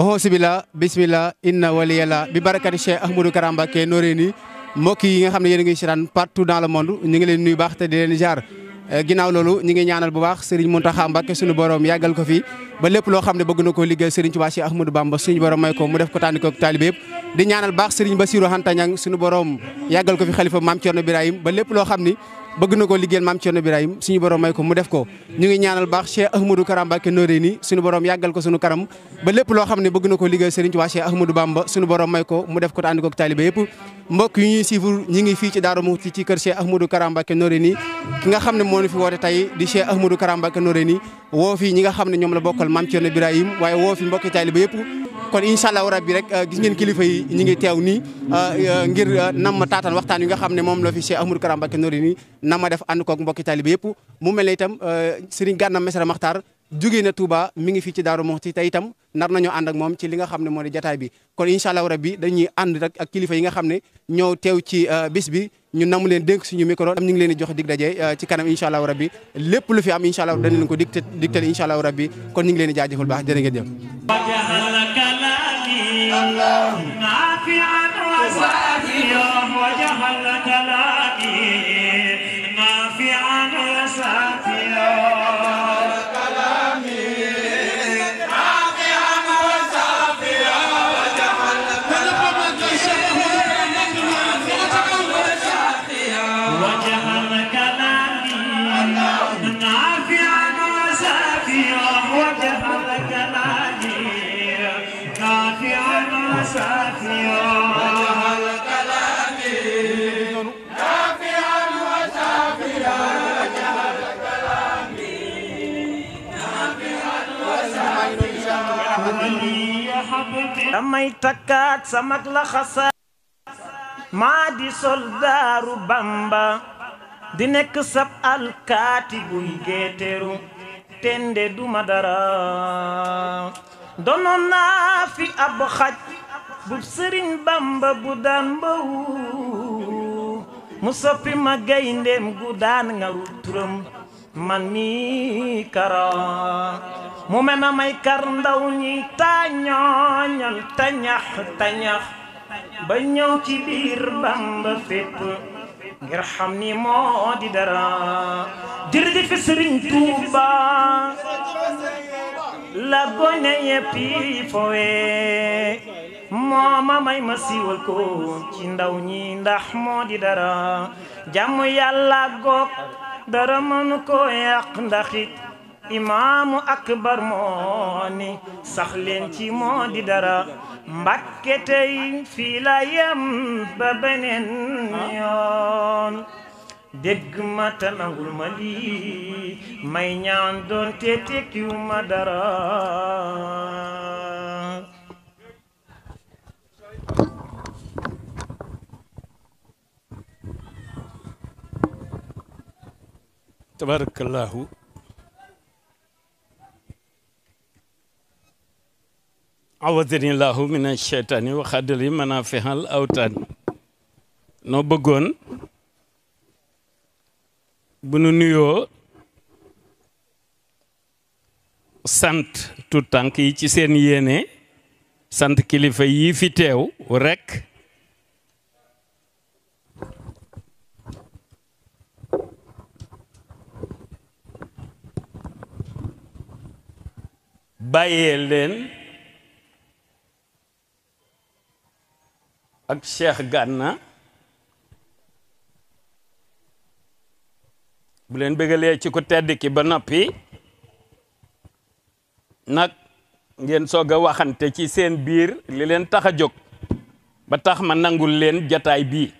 oxoosi bi la bisimilah inna waliyala bi barakati Cheikh Ahmadou Kara Mbacké Noreyni mbokk yi nga xam ne yéen a ngi seetaan partout dans le monde ñu ngi leen nuyu baax te di leen jaar eh, ginnaaw loolu ñu ngi ñaanal bu baax Serigne Mountakha Mbacké suñu borom yàggal ko fi ba lépp loo xam ne bëgg na koo liggéey Serigne Touba Cheikh Ahmadou Bamba suñu borom may ko mu def ko tànn ko taalibe yëpp di ñaanal baax Serigne Bassirou Anta Niang suñu borom yàggal ko fi xalifa Mame Thierno Birahim ba lépp loo xam ni bëgg na ko liggéeyal maam Thierno Birahim suñu borom may ko mu def ko ñu ngi ñaanal baax Cheikh Ahmadou Karam Mbacké Noreyni suñu borom yàggal ko suñu karam ba lépp loo xam ne bëgg na ko liggéeyal Serigne Touba Cheikh Ahmadou Bamba suñu borom may ko mu def ko te ànd ko taalibe yëpp mbokk yu ñu suivre ñi ngi fii ci Darou Mouhty ci kër Cheikh Ahmadou Karam Mbacké Noreyni ki nga xam ne moo ñu fi woote tey di Cheikh Ahmadou Karam Mbacké Noreyni woo fi ñi nga xam ne ñoom la bokkal maam Thierno Ibrahim waaye woo fi mbokki taaliba yëpp kon incha allah rabbi rek gis ngeen kilifa yi ñi ngi teew nii euh, ngir euh, nam taataan waxtaan wi nga xam ne moom la fi Cheikh Ahmadou Kara Mbacké nama nam ma def ànd koog mbokki taaliba yëpp mu mel ne itam euh, Serigne Gana Messere maxtaar jógee na Touba mi ngi fii ci Daaru Muxti te itam nar nañoo ànd ak moom ci li nga xam ne moo di jataay bi kon incha allah rabbi dañuy ànd rek ak kilifa yi nga xam ne ñoo teew ci bis bi ñun namu leen dénk suñu micro am ñu ngi leen di jox dig daje euh, ci kanam incha allahu rabbi lépp lu fi am incha allah dañ leen ko dig digtal incha allahu rabbi kon ñu ngi leen di jaajëfal baax jërë ngeen jëf damay takkaat sama la xasaat maa di soldaaru bamba di nekk sab alkaati buy geeteeru tende duma dara donoon naa fi ab xaj bu sëriñ bamba bu daan mbawu mu soppi ma gayndeem gu daan ngaru turam man mi kara mu mën a may kar ndaw ñi tañooñal tañax tañax ba ñëw ci biir Bamba fépp ngir xam ni moo di dara jërëjëf Sëriñ Tuuba la gone yépp yi moo ma may ma siiwal ko ci ndaw ñi ndax moo di dara jàmm yàlla goog dara mënu ko yàq ndax imaamu akbar moo ni sax leen ci moo dara mbàkke tey fii la ba beneen yoon dégg ma ta nangul ma lii may ñaan doon te tekkiw dara awazani laahu min acheytaani waxaddali awtaan noo bëggoon bu nu nuyoo sant tout tànk yi ci seen yéene sant kilifa yii fi teew rekk bàyyee leen ak Cheikh Gànna bu leen bëggalee ci ko tedd ki ba noppi nag ngeen soog a waxante ci seen biir li leen tax a jóg ba tax ma nangul leen jataay bii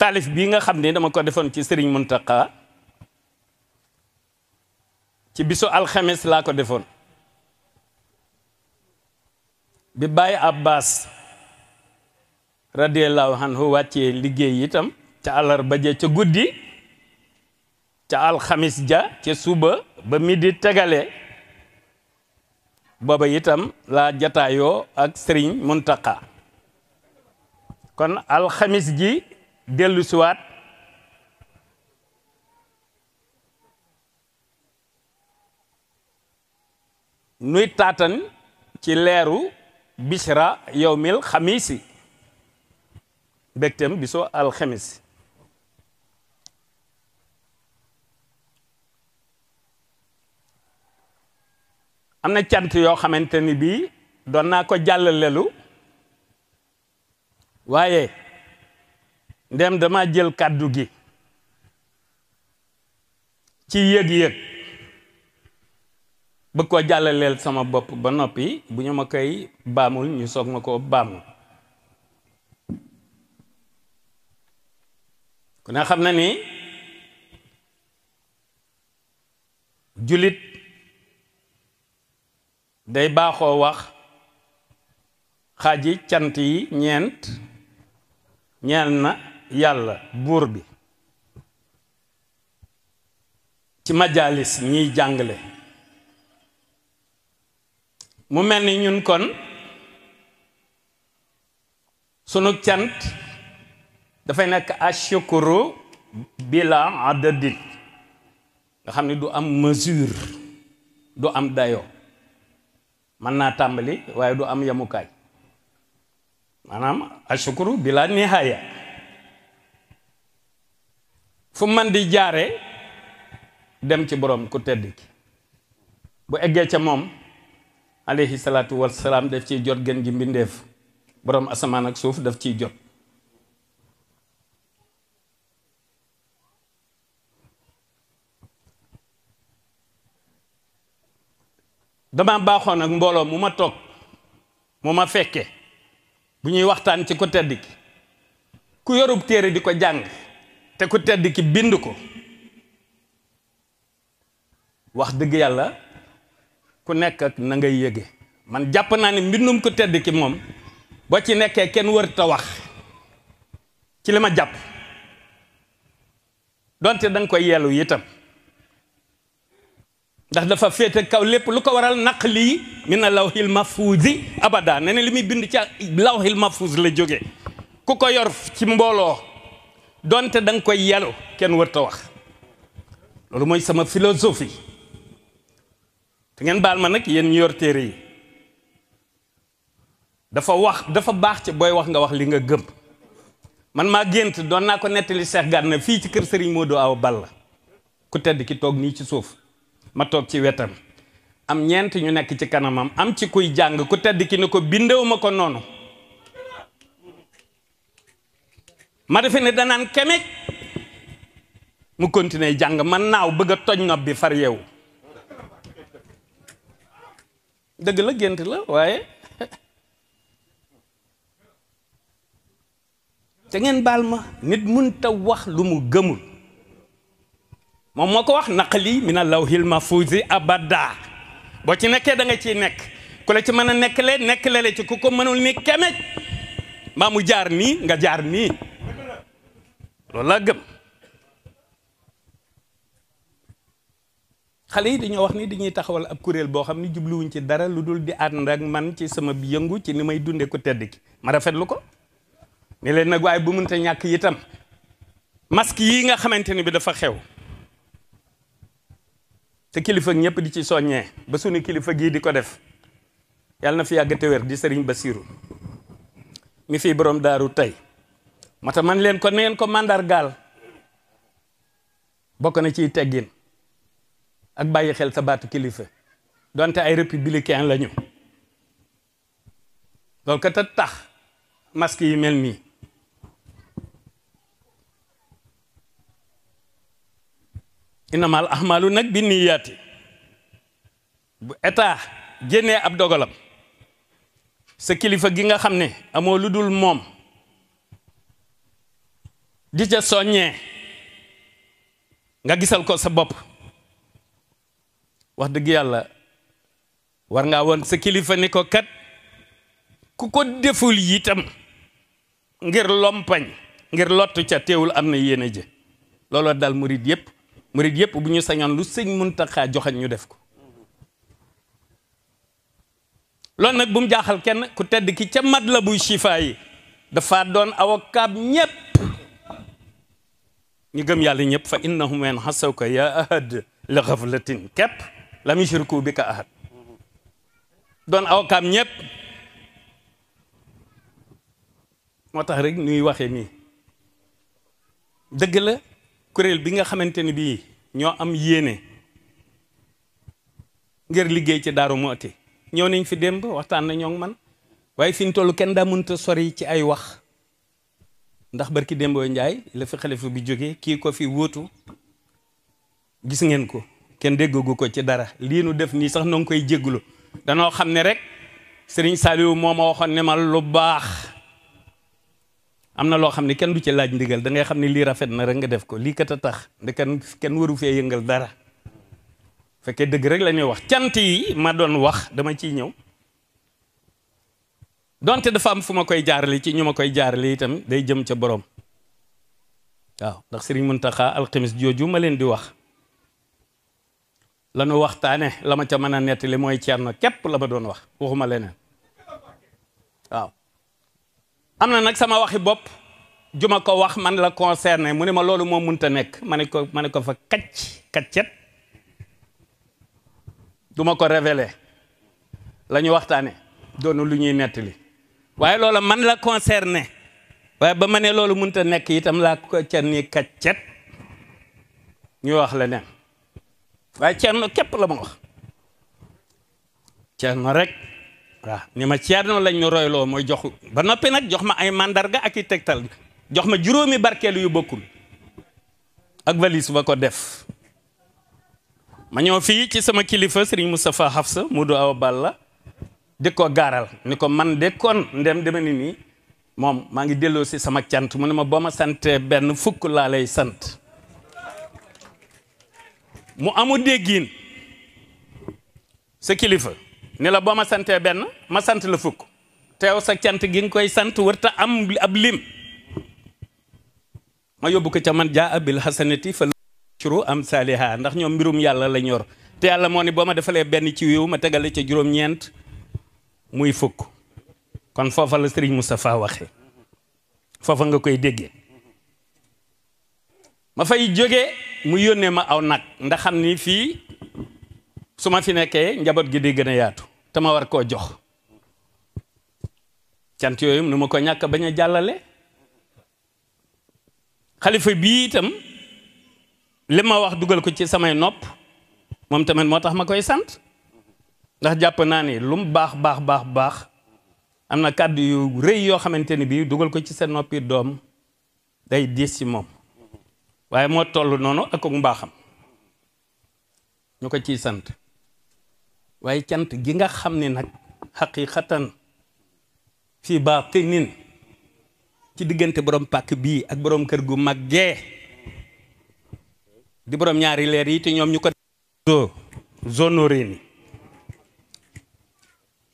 taalif bii nga xam ne dama ko defoon ci Sëriñ Muntaqa ci bisu alxemes laa ko defoon bi Baye Abbas radiyallahu anhu wàccee liggéey itam ca àllarba ja ca guddi ca alxamis ja ca suba ba di tegale boba itam laa jataayoo ak sëriñ Muntaqa kon alxamis ji dellu siwaat nuy taatan ci leeru bishra yowmil xamiisi bégtem biso alxamis am na cant yoo xamante ni bii doon naa ko jàllalelu waaye ndem dama jël kàddu gi ci yëg-yëg bëgg koo jàllaleel sama bopp ba noppi bu ñu ma koy baamul ñu soog ma koo baamul ku ne xam na ni jullit day baaxoo wax xaaji cant yi ñeent ñeel na yàlla buur bi ci majalis ñiy jàngale mu mel ni ñun kon sunu cant dafay nekk ashukuru bila adadin nga xam ne du am mesure du am dayo mën naa tàmbali waaye du am yamukaay maanaam ashukuru bila nihaaya fu man di jaare dem ci borom ku tedd ki bu eggee ca moom alayhi salaatu wasalaam daf ciy jot gën gi mbindeef boroom asamaan ak suuf def ciy jot dama baaxoon ak mbooloo mu ma toog mu ma fekke bu ñuy waxtaan ci ku tedd ki ku yorub téere di ko jàng te ku tedd ki bind ko wax dëgg yàlla ku nekk ak na ngay yëge man jàpp naa ne mbindum ku tedd ki moom boo ci nekkee kenn wër ta wax ci li ma jàpp donte danga koy yelu itam ndax dafa féete kaw lépp lu ko waral naq lii min na lawhil mahfuuzi abada ne ne li muy bind ca lawhil mahfuuz la jóge ku ko yor ci mbooloo doonte danga koy yellu kenn wër ta wax loolu mooy sama philosophie te ngeen baal ma nag yéen ñu yor téere yi dafa wax dafa baax ci booy wax nga wax li nga gëm man maa gént doon naa ko nettali Cheikh na fii ci kër Serigne Modou Awa Balla ku tedd ki toog nii ci suuf ma toog ci wetam am ñeent ñu nekk ci kanamam am ci kuy jàng ku tedd ki ne ko bindew ma ko noonu ma defe ne danaan kemej mu continuer jàng man naaw bëgg a toj nopp bi far yeewu dëgg la gént la waaye te ngeen baal ma nit mënta wax lu mu gëmul moom moo ko wax na law allawhil mahfuzi abada boo ci nekkee danga nga ciy nekk ko la ci mën a nekk le nekk le ci ku ko mënul ni kemej mbaa mu jaar nii nga jaar nii loolu laa gëm xale yi dañoo wax ni dañuy taxawal ab kuréel boo xam ne jubluwuñ ci dara lu dul di ànd ak man ci sama yëngu ci ni may dunde ko tedd ki ma rafetlu ko ne leen nag waaye bu mënta ñàkk itam mask yi nga xamante ni bi dafa xew te kilifa ñépp di ci soññee ba suñu kilifa gii di ko def yàlla na fi yàgg te di sëriñ Basiru mi fii borom daaru tey moo tax man leen ko neen ko màndargaal bokk na ciy teggin ak bàyyi xel sa baatu kilifa donte ay républicain la ñu loolu kat a tax mask yi mel nii inamal ahmalu nag bi niyaati bu état génnee ab dogalam sa kilifa gi nga xam ne amoo lu dul moom di ca soññee nga gisal ko sa bopp wax dëgg yàlla war ngaa woon sa kilifa ni ko kat ku ko deful yitam ngir lompañ ngir lottu ca teewul am na yéen a jë looloo daal murid yëpp murid yëpp bu ñu sañoon lu sëñ Muntaxa joxañ ñu def ko loolu nag bu mu jaaxal kenn ku tedd ki ca mat la buy chifa yi dafa doon awakaab ñépp ñu gëm yàlla ñëpp fa innahum wen xasaw ko yaa ahad li xaflatin képp lam yushriku bika ahad doon awkaam ñépp moo tax rekk ñuy waxe nii dëgg la kuréel bi nga xamante ni bii ñoo am yéene ngir liggéey ci Daaru Muhti ñëw nañ fi démb waxtaan na ñoo man waaye fi ñu toll kenn daa mënta sori ci ay wax ndax barki démboo njaay la fi xalifa bi jóge kii ko fi wóotu gis ngeen ko kenn déggagu ko ci dara lii nu def nii sax na nga koy jégglu danoo xam ne rek sëriñ saaliwu moo ma waxoon ne ma lu baax am na loo xam ne kenn du ci laaj ndigal da ngay xam ne lii rafet na rek nga def ko lii kat a tax nde kenn kenn waru fee yëngal dara fekkee dëgg rek lañuy wax cant yi ma doon wax dama ciy ñëw donte dafa am fu ma koy jaarale ci ñu ma koy jaarale itam day jëm ca boroom waaw ndax sëriñ Muntaxa alxamis jooju ma leen di wax la ñu waxtaane la ma ca mën a nettali mooy na képp la ma doon wax waxuma leneen waaw am na nag sama waxi bopp juma ko wax man la concerné mu ne ma loolu moo munta nekk ma ne ko ma ne ko fa kacc kaccet du ma ko révélé la ñu waxtaane doonu lu ñuy nettali waaye loola man la concerné waaye ba ma ne loolu a nekk itam laa ko ca ni kaccet ñuy wax la leneen waaye Thierno képp la ma wax Thierno rek waaw ni ma Thierno lañ royloo mooy jox ba noppi nag jox ma ay mandarga ak i tegtal jox ma juróomi barkeelu yu bokkul ak valise ba ko def ma ñëw fii ci sama kilifa Serigne Moustapha Hafsa Modou Awa Balla di ko gaaral ni ko man de kon ndem deme ni nii moom maa ngi delloo si sama cant mu ne ma boo ma santee benn fukk laa lay sant mu amu déggiin sa kilifa ne la boo ma santee benn ma sant la fukk teew sa cant gi nga koy sant wërta am ab lim ma yóbbu ko ca man jaa abil hasanati fa curu am saaliha ndax ñoom mbirum yàlla la ñor te yàlla moo ni boo ma defalee benn ci wiw ma tegale ca juróom-ñeent muy fukk kon foofa la Serigne Moustapha waxe foofa nga koy déggee ma fay jógee mu yónnee ma aw nag ndax xam ni fii su ma fi nekkee njaboot gi di gën a yaatu te ma war koo jox cant yooyu nu ma ko ñàkk bañ a jàllale xalifa bii itam li ma wax dugal ko ci samay nopp moom tamit moo tax ma koy sant ndax jàpp naa ni lum mu baax baax baax baax am na kàddu yu rëy yoo xamante ni bii dugal ko ci sa noppi doom day diis ci moom waaye moo toll noonu ak ak mbaaxam ñu ko ciy sant waaye cant gi nga xam ni nag xaqiqatan fii baatinin ci diggante borom pàkk bii ak boroom kër gu mag gee di borom ñaari leer yi te ñoom ñu ko zo zonorini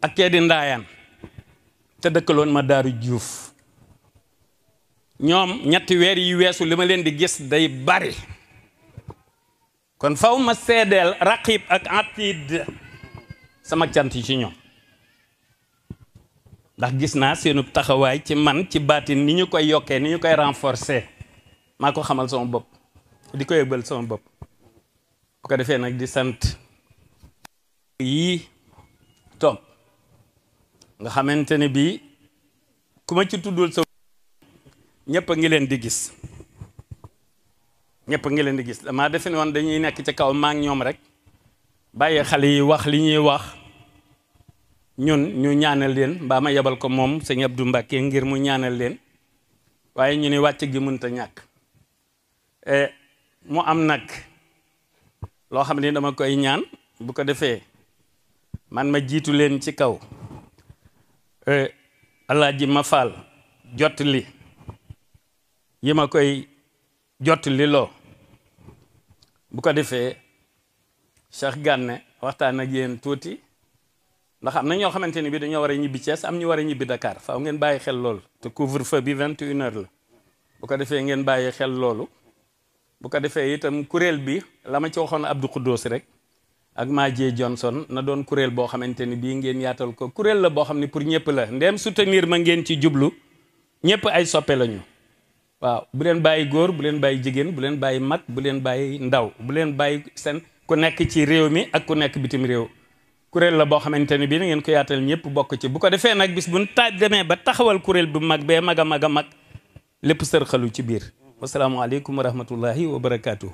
ak kee di ndaayaan te dëkkaloon ma daaru juuf ñoom ñetti weer yi weesu li ma leen di gis day bari kon faw ma seedeel raqib ak atid sama cant ci ñoom ndax gis naa seenu taxawaay ci man ci baatin ni ñu koy yokkee ni ñu koy renforcer maa ko xamal sama bopp di ko yëbal sama bopp bu ko defee nag di sant yii toog nga xamante ne bii ku ma ci tuddul sa ñëpp a ngi leen di gis ñëpp ngi leen di gis damaa defe woon dañuy nekk ci kaw maak ñoom rek bàyyi xale yi wax li ñuy wax ñun ñu ñaanal leen mbaa ma yebal ko moom sëñ Abdou Mbacke ngir mu ñaanal leen waaye ñu ni wàcc gi mënta ñàkk e, mu am nag loo xam ne dama koy ñaan bu ko defee man ma jiitu leen ci kaw e, alaaji ma faal jot li yi ma koy jot li loo bu ko defee Cheikh Gànne waxtaan ak yéen tuuti ndax am na ñoo xamante ni bi dañoo war a ñibbi Thiès am ñu war a ñibbi dakaar faaw ngeen bàyyi xel loolu te couvre feu bi vingt et la bu ko defee ngeen bàyyi xel loolu bu ko defee itam kuréel bi la ma ci waxoon Abdou Khoudous rek ak Maajee Johnson na doon kuréel boo xamante ni bii ngeen yaatal ko kuréel la boo xam ne pour ñëpp la ndem soutenir ma ngeen ci jublu ñëpp ay soppe lañu waaw bu leen bàyyi góor bu leen bàyyi jigéen bu leen bàyyi mag bu leen bàyyi ndaw bu leen bàyyi seen ku nekk ci réew mi ak ku nekk bitim réew kuréel la boo xamante ne bii na ngeen ko yaatal ñëpp bokk ci bu ko defee nag bis bu ñu taaj demee ba taxawal kuréel bu mag bee mag a mag a mag lépp sërxalu ci biir wasalaamualeykum wa rahmatullahi wa barakaatu.